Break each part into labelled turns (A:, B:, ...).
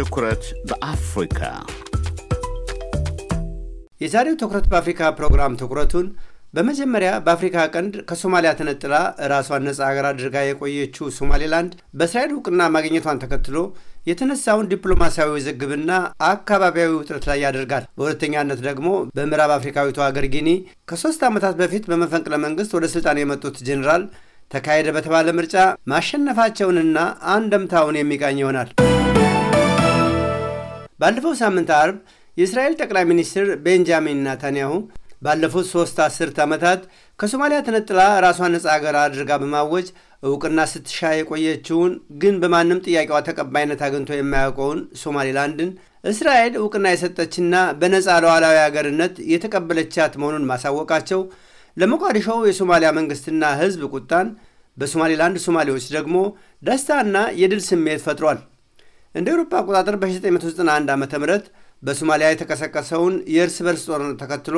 A: ትኩረት በአፍሪካ የዛሬው ትኩረት በአፍሪካ ፕሮግራም ትኩረቱን በመጀመሪያ በአፍሪካ ቀንድ ከሶማሊያ ተነጥላ ራሷን ነጻ ሀገር አድርጋ የቆየችው ሶማሌላንድ በእስራኤል እውቅና ማግኘቷን ተከትሎ የተነሳውን ዲፕሎማሲያዊ ውዝግብና አካባቢያዊ ውጥረት ላይ ያደርጋል። በሁለተኛነት ደግሞ በምዕራብ አፍሪካዊቷ ሀገር ጊኒ ከሶስት ዓመታት በፊት በመፈንቅለ መንግስት ወደ ስልጣን የመጡት ጄኔራል ተካሄደ በተባለ ምርጫ ማሸነፋቸውንና አንደምታውን የሚቃኝ ይሆናል። ባለፈው ሳምንት አርብ የእስራኤል ጠቅላይ ሚኒስትር ቤንጃሚን ናታንያሁ ባለፉት ሶስት አስርት ዓመታት ከሶማሊያ ተነጥላ ራሷን ነጻ ሀገር አድርጋ በማወጅ እውቅና ስትሻ የቆየችውን ግን በማንም ጥያቄዋ ተቀባይነት አግኝቶ የማያውቀውን ሶማሊላንድን እስራኤል እውቅና የሰጠችና በነጻ ሉዓላዊ ሀገርነት የተቀበለቻት መሆኑን ማሳወቃቸው ለሞቃዲሾው የሶማሊያ መንግስትና ሕዝብ ቁጣን፣ በሶማሊላንድ ሶማሌዎች ደግሞ ደስታና የድል ስሜት ፈጥሯል። እንደ ኤሮፓ አቆጣጠር በ ዓ ም በሶማሊያ የተቀሰቀሰውን የእርስ በርስ ጦርነት ተከትሎ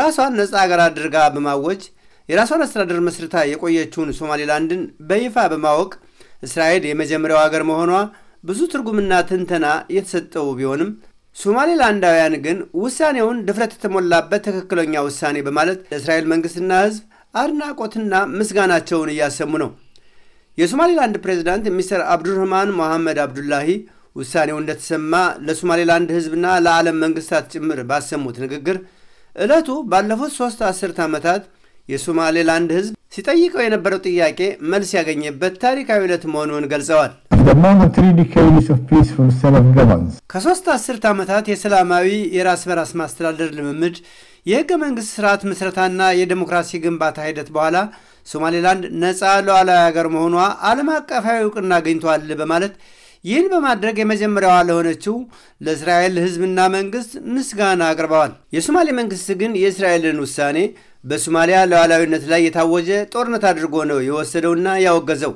A: ራሷን ነፃ አገር አድርጋ በማወጅ የራሷን አስተዳደር መስርታ የቆየችውን ሶማሌላንድን በይፋ በማወቅ እስራኤል የመጀመሪያው አገር መሆኗ ብዙ ትርጉምና ትንተና የተሰጠው ቢሆንም ሶማሌላንዳውያን ግን ውሳኔውን ድፍረት የተሞላበት ትክክለኛ ውሳኔ በማለት ለእስራኤል መንግስትና ህዝብ አድናቆትና ምስጋናቸውን እያሰሙ ነው። የሶማሌላንድ ፕሬዚዳንት ሚስተር አብዱርህማን ሞሐመድ አብዱላሂ ውሳኔው እንደተሰማ ለሶማሌላንድ ሕዝብና ለዓለም መንግስታት ጭምር ባሰሙት ንግግር ዕለቱ ባለፉት ሦስት አስርት ዓመታት የሶማሌላንድ ሕዝብ ሲጠይቀው የነበረው ጥያቄ መልስ ያገኘበት ታሪካዊ ዕለት መሆኑን ገልጸዋል። ከሦስት አስርት ዓመታት የሰላማዊ የራስ በራስ ማስተዳደር ልምምድ የህገ መንግሥት ሥርዓት ምስረታና የዴሞክራሲ ግንባታ ሂደት በኋላ ሶማሌላንድ ነፃ ሉዓላዊ ሀገር መሆኗ ዓለም አቀፋዊ እውቅና አግኝቷል በማለት ይህን በማድረግ የመጀመሪያዋ ለሆነችው ለእስራኤል ህዝብና መንግስት ምስጋና አቅርበዋል። የሶማሌ መንግስት ግን የእስራኤልን ውሳኔ በሶማሊያ ሉዓላዊነት ላይ የታወጀ ጦርነት አድርጎ ነው የወሰደውና ያወገዘው።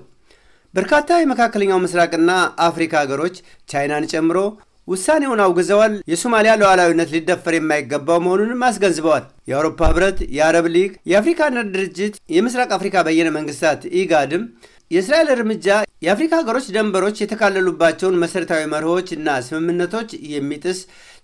A: በርካታ የመካከለኛው ምስራቅና አፍሪካ ሀገሮች ቻይናን ጨምሮ ውሳኔውን አውግዘዋል። የሶማሊያ ሉዓላዊነት ሊደፈር የማይገባው መሆኑንም አስገንዝበዋል። የአውሮፓ ህብረት፣ የአረብ ሊግ፣ የአፍሪካ አንድነት ድርጅት፣ የምስራቅ አፍሪካ በየነ መንግስታት ኢጋድም የእስራኤል እርምጃ የአፍሪካ ሀገሮች ደንበሮች የተካለሉባቸውን መሠረታዊ መርሆች እና ስምምነቶች የሚጥስ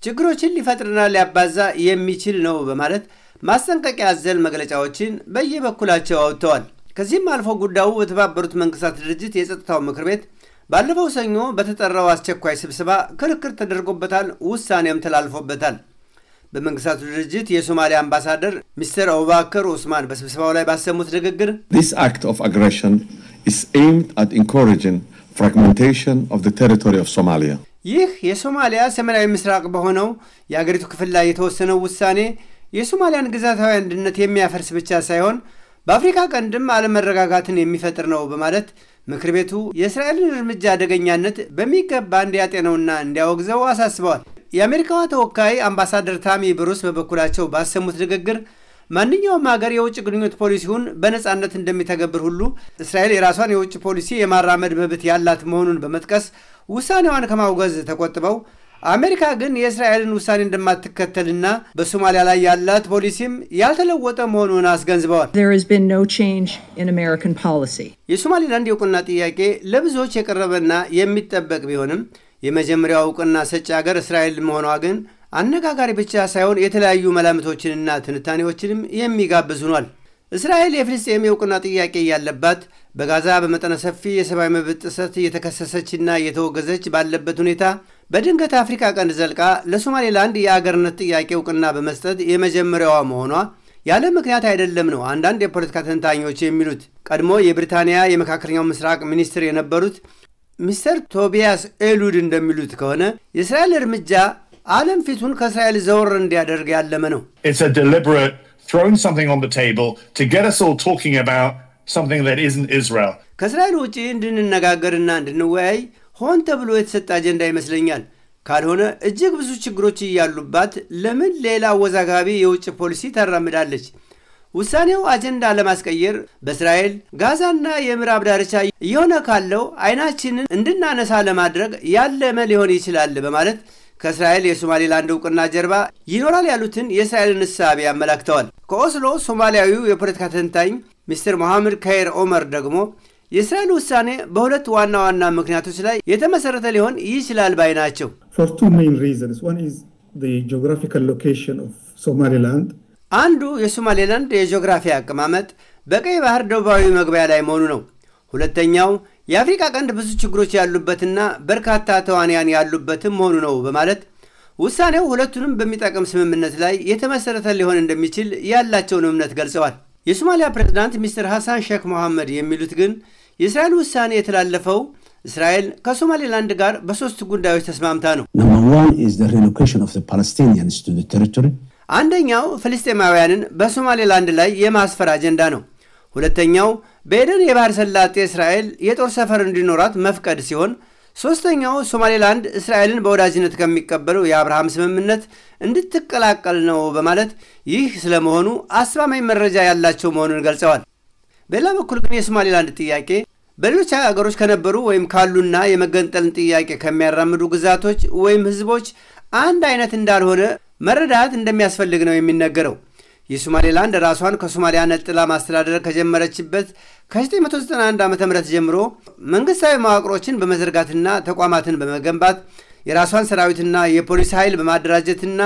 A: ችግሮችን ሊፈጥርና ሊያባዛ የሚችል ነው በማለት ማስጠንቀቂያ አዘል መግለጫዎችን በየበኩላቸው አውጥተዋል። ከዚህም አልፎ ጉዳዩ በተባበሩት መንግስታት ድርጅት የጸጥታው ምክር ቤት ባለፈው ሰኞ በተጠራው አስቸኳይ ስብሰባ ክርክር ተደርጎበታል፣ ውሳኔም ተላልፎበታል። በመንግስታቱ ድርጅት የሶማሊያ አምባሳደር ሚስተር አቡባከር ኡስማን በስብሰባው ላይ ባሰሙት ንግግር This act of aggression is aimed at encouraging fragmentation of ይህ የሶማሊያ ሰሜናዊ ምስራቅ በሆነው የአገሪቱ ክፍል ላይ የተወሰነው ውሳኔ የሶማሊያን ግዛታዊ አንድነት የሚያፈርስ ብቻ ሳይሆን በአፍሪካ ቀንድም አለመረጋጋትን የሚፈጥር ነው በማለት ምክር ቤቱ የእስራኤልን እርምጃ አደገኛነት በሚገባ እንዲያጤነውና እንዲያወግዘው አሳስበዋል። የአሜሪካዋ ተወካይ አምባሳደር ታሚ ብሩስ በበኩላቸው ባሰሙት ንግግር ማንኛውም ሀገር የውጭ ግንኙነት ፖሊሲውን በነፃነት እንደሚተገብር ሁሉ እስራኤል የራሷን የውጭ ፖሊሲ የማራመድ መብት ያላት መሆኑን በመጥቀስ ውሳኔዋን ከማውገዝ ተቆጥበው አሜሪካ ግን የእስራኤልን ውሳኔ እንደማትከተልና በሶማሊያ ላይ ያላት ፖሊሲም ያልተለወጠ መሆኑን አስገንዝበዋል። የሶማሊላንድ የእውቅና ጥያቄ ለብዙዎች የቀረበና የሚጠበቅ ቢሆንም የመጀመሪያው እውቅና ሰጪ ሀገር እስራኤል መሆኗ ግን አነጋጋሪ ብቻ ሳይሆን የተለያዩ መላምቶችንና ትንታኔዎችንም የሚጋብዙኗል። እስራኤል የፍልስጤም የእውቅና ጥያቄ ያለባት በጋዛ በመጠነ ሰፊ የሰብአዊ መብት ጥሰት እየተከሰሰችና እየተወገዘች ባለበት ሁኔታ በድንገት አፍሪካ ቀንድ ዘልቃ ለሶማሌላንድ የአገርነት ጥያቄ እውቅና በመስጠት የመጀመሪያዋ መሆኗ ያለ ምክንያት አይደለም ነው አንዳንድ የፖለቲካ ተንታኞች የሚሉት። ቀድሞ የብሪታንያ የመካከለኛው ምስራቅ ሚኒስትር የነበሩት ሚስተር ቶቢያስ ኤሉድ እንደሚሉት ከሆነ የእስራኤል እርምጃ ዓለም ፊቱን ከእስራኤል ዘወር እንዲያደርግ ያለመ ነው። ከእስራኤል ውጪ እንድንነጋገርና እንድንወያይ ሆን ተብሎ የተሰጠ አጀንዳ ይመስለኛል። ካልሆነ እጅግ ብዙ ችግሮች እያሉባት ለምን ሌላ አወዛጋቢ የውጭ ፖሊሲ ታራምዳለች? ውሳኔው አጀንዳ ለማስቀየር በእስራኤል ጋዛና የምዕራብ ዳርቻ እየሆነ ካለው አይናችንን እንድናነሳ ለማድረግ ያለመ ሊሆን ይችላል በማለት ከእስራኤል የሶማሌላንድ እውቅና ጀርባ ይኖራል ያሉትን የእስራኤልን እሳቤ ያመላክተዋል። ከኦስሎ ሶማሊያዊው የፖለቲካ ተንታኝ ሚስትር መሐመድ ካይር ኦመር ደግሞ የእስራኤል ውሳኔ በሁለት ዋና ዋና ምክንያቶች ላይ የተመሰረተ ሊሆን ይችላል ባይ ናቸው። አንዱ የሶማሌላንድ የጂኦግራፊ አቀማመጥ በቀይ ባህር ደቡባዊ መግቢያ ላይ መሆኑ ነው። ሁለተኛው የአፍሪካ ቀንድ ብዙ ችግሮች ያሉበትና በርካታ ተዋንያን ያሉበትም መሆኑ ነው በማለት ውሳኔው ሁለቱንም በሚጠቅም ስምምነት ላይ የተመሰረተ ሊሆን እንደሚችል ያላቸውን እምነት ገልጸዋል። የሶማሊያ ፕሬዝዳንት ሚስተር ሐሳን ሼክ መሐመድ የሚሉት ግን የእስራኤል ውሳኔ የተላለፈው እስራኤል ከሶማሌላንድ ጋር በሶስት ጉዳዮች ተስማምታ ነው። አንደኛው ፍልስጤማውያንን በሶማሌላንድ ላይ የማስፈር አጀንዳ ነው። ሁለተኛው በኤደን የባህር ሰላጤ እስራኤል የጦር ሰፈር እንዲኖራት መፍቀድ ሲሆን ሦስተኛው ሶማሌላንድ እስራኤልን በወዳጅነት ከሚቀበለው የአብርሃም ስምምነት እንድትቀላቀል ነው በማለት ይህ ስለመሆኑ አስተማማኝ መረጃ ያላቸው መሆኑን ገልጸዋል። በሌላ በኩል ግን የሶማሌላንድ ጥያቄ በሌሎች ሀገሮች ከነበሩ ወይም ካሉና የመገንጠልን ጥያቄ ከሚያራምዱ ግዛቶች ወይም ህዝቦች አንድ አይነት እንዳልሆነ መረዳት እንደሚያስፈልግ ነው የሚነገረው። የሶማሌላንድ ራሷን ከሶማሊያ ነጥላ ማስተዳደር ከጀመረችበት ከ 991 ዓ ም ጀምሮ መንግስታዊ መዋቅሮችን በመዘርጋትና ተቋማትን በመገንባት የራሷን ሰራዊትና የፖሊስ ኃይል በማደራጀትና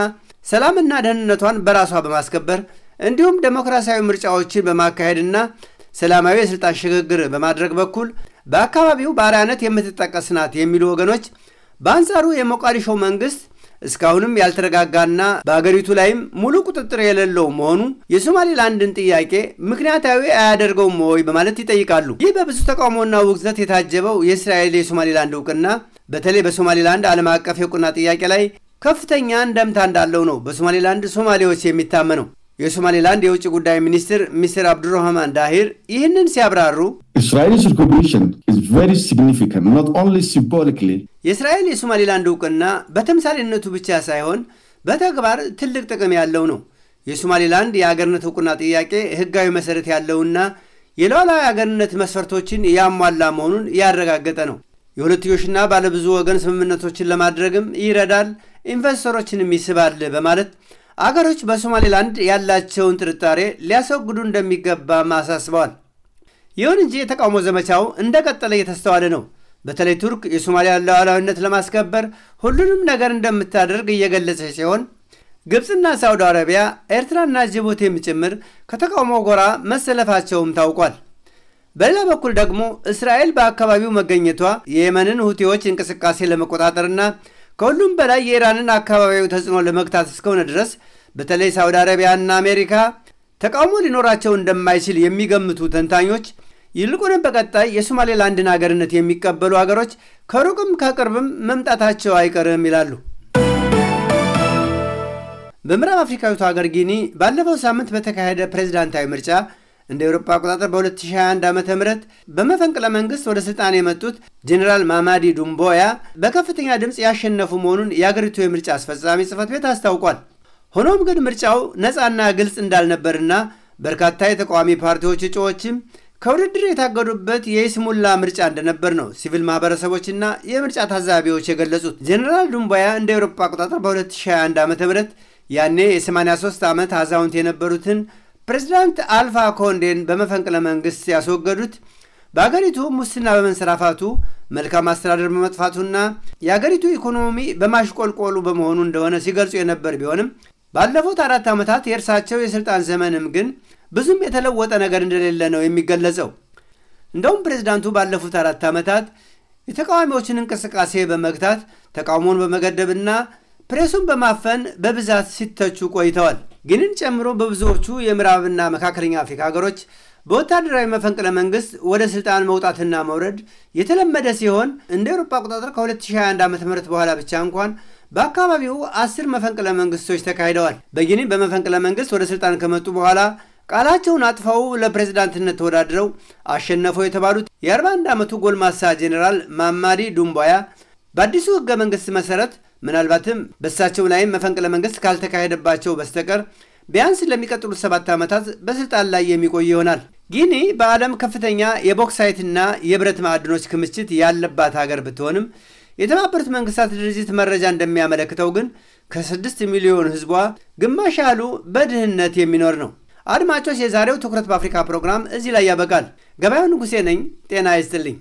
A: ሰላምና ደህንነቷን በራሷ በማስከበር እንዲሁም ዴሞክራሲያዊ ምርጫዎችን በማካሄድና ሰላማዊ የስልጣን ሽግግር በማድረግ በኩል በአካባቢው በአርአያነት የምትጠቀስ ናት የሚሉ ወገኖች በአንጻሩ የሞቃዲሾ መንግስት እስካሁንም ያልተረጋጋና በአገሪቱ ላይም ሙሉ ቁጥጥር የሌለው መሆኑ የሶማሌላንድን ጥያቄ ምክንያታዊ አያደርገውም ወይ በማለት ይጠይቃሉ። ይህ በብዙ ተቃውሞና ውግዘት የታጀበው የእስራኤል የሶማሌላንድ እውቅና በተለይ በሶማሌላንድ ዓለም አቀፍ የእውቅና ጥያቄ ላይ ከፍተኛ እንደምታ እንዳለው ነው በሶማሌላንድ ሶማሌዎች የሚታመነው። የሶማሌላንድ የውጭ ጉዳይ ሚኒስትር ሚስትር አብዱራህማን ዳሂር ይህንን ሲያብራሩ ቨሪ significant, not only symbolically. የእስራኤል የሶማሌላንድ እውቅና በተምሳሌነቱ ብቻ ሳይሆን በተግባር ትልቅ ጥቅም ያለው ነው። የሶማሌላንድ የአገርነት እውቅና ጥያቄ ህጋዊ መሰረት ያለውና የሉዓላዊ አገርነት መስፈርቶችን ያሟላ መሆኑን ያረጋገጠ ነው። የሁለትዮሽና ባለብዙ ወገን ስምምነቶችን ለማድረግም ይረዳል፣ ኢንቨስተሮችንም ይስባል በማለት አገሮች በሶማሌላንድ ያላቸውን ጥርጣሬ ሊያስወግዱ እንደሚገባ አሳስበዋል። ይሁን እንጂ የተቃውሞ ዘመቻው እንደቀጠለ እየተስተዋለ ነው። በተለይ ቱርክ የሶማሊያ ሉዓላዊነት ለማስከበር ሁሉንም ነገር እንደምታደርግ እየገለጸ ሲሆን ግብፅና ሳውዲ አረቢያ፣ ኤርትራና ጅቡቲም ጭምር ከተቃውሞ ጎራ መሰለፋቸውም ታውቋል። በሌላ በኩል ደግሞ እስራኤል በአካባቢው መገኘቷ የየመንን ሁቲዎች እንቅስቃሴ ለመቆጣጠርና ከሁሉም በላይ የኢራንን አካባቢው ተጽዕኖ ለመግታት እስከሆነ ድረስ በተለይ ሳውዲ አረቢያና አሜሪካ ተቃውሞ ሊኖራቸው እንደማይችል የሚገምቱ ተንታኞች ይልቁንም በቀጣይ የሶማሌላንድን ሀገርነት የሚቀበሉ ሀገሮች ከሩቅም ከቅርብም መምጣታቸው አይቀርም ይላሉ። በምዕራብ አፍሪካዊቱ ሀገር ጊኒ ባለፈው ሳምንት በተካሄደ ፕሬዝዳንታዊ ምርጫ እንደ ኤውሮፓ አቆጣጠር በ2021 ዓ ም በመፈንቅለ መንግስት ወደ ስልጣን የመጡት ጄኔራል ማማዲ ዱምቦያ በከፍተኛ ድምፅ ያሸነፉ መሆኑን የአገሪቱ የምርጫ አስፈጻሚ ጽህፈት ቤት አስታውቋል። ሆኖም ግን ምርጫው ነፃና ግልጽ እንዳልነበርና በርካታ የተቃዋሚ ፓርቲዎች እጩዎችም ከውድድር የታገዱበት የይስሙላ ምርጫ እንደነበር ነው ሲቪል ማህበረሰቦችና የምርጫ ታዛቢዎች የገለጹት። ጀኔራል ዱምባያ እንደ ኤሮፓ አቆጣጠር በ2021 ዓ ም ያኔ የ83 ዓመት አዛውንት የነበሩትን ፕሬዚዳንት አልፋ ኮንዴን በመፈንቅለ መንግስት ያስወገዱት በአገሪቱ ሙስና በመንሰራፋቱ መልካም አስተዳደር በመጥፋቱና የአገሪቱ ኢኮኖሚ በማሽቆልቆሉ በመሆኑ እንደሆነ ሲገልጹ የነበር ቢሆንም ባለፉት አራት ዓመታት የእርሳቸው የሥልጣን ዘመንም ግን ብዙም የተለወጠ ነገር እንደሌለ ነው የሚገለጸው። እንደውም ፕሬዝዳንቱ ባለፉት አራት ዓመታት የተቃዋሚዎችን እንቅስቃሴ በመግታት ተቃውሞን በመገደብና ፕሬሱን በማፈን በብዛት ሲተቹ ቆይተዋል። ግንን ጨምሮ በብዙዎቹ የምዕራብና መካከለኛ አፍሪካ ሀገሮች በወታደራዊ መፈንቅለ መንግስት ወደ ስልጣን መውጣትና መውረድ የተለመደ ሲሆን እንደ ኤሮፓ አቆጣጠር ከ2021 ዓ ም በኋላ ብቻ እንኳን በአካባቢው አስር መፈንቅለ መንግስቶች ተካሂደዋል። በጊኒ በመፈንቅለ መንግስት ወደ ስልጣን ከመጡ በኋላ ቃላቸውን አጥፈው ለፕሬዝዳንትነት ተወዳድረው አሸነፈው የተባሉት የ41 ዓመቱ ጎልማሳ ጄኔራል ማማዲ ዱምቧያ በአዲሱ ህገ መንግስት መሰረት ምናልባትም በሳቸው ላይም መፈንቅለ መንግስት ካልተካሄደባቸው በስተቀር ቢያንስ ለሚቀጥሉት ሰባት ዓመታት በስልጣን ላይ የሚቆይ ይሆናል። ጊኒ በዓለም ከፍተኛ የቦክሳይትና የብረት ማዕድኖች ክምችት ያለባት ሀገር ብትሆንም የተባበሩት መንግስታት ድርጅት መረጃ እንደሚያመለክተው ግን ከስድስት ሚሊዮን ህዝቧ ግማሽ ያህሉ በድህነት የሚኖር ነው። አድማጮች፣ የዛሬው ትኩረት በአፍሪካ ፕሮግራም እዚህ ላይ ያበቃል። ገበያው ንጉሴ ነኝ። ጤና ይስጥልኝ።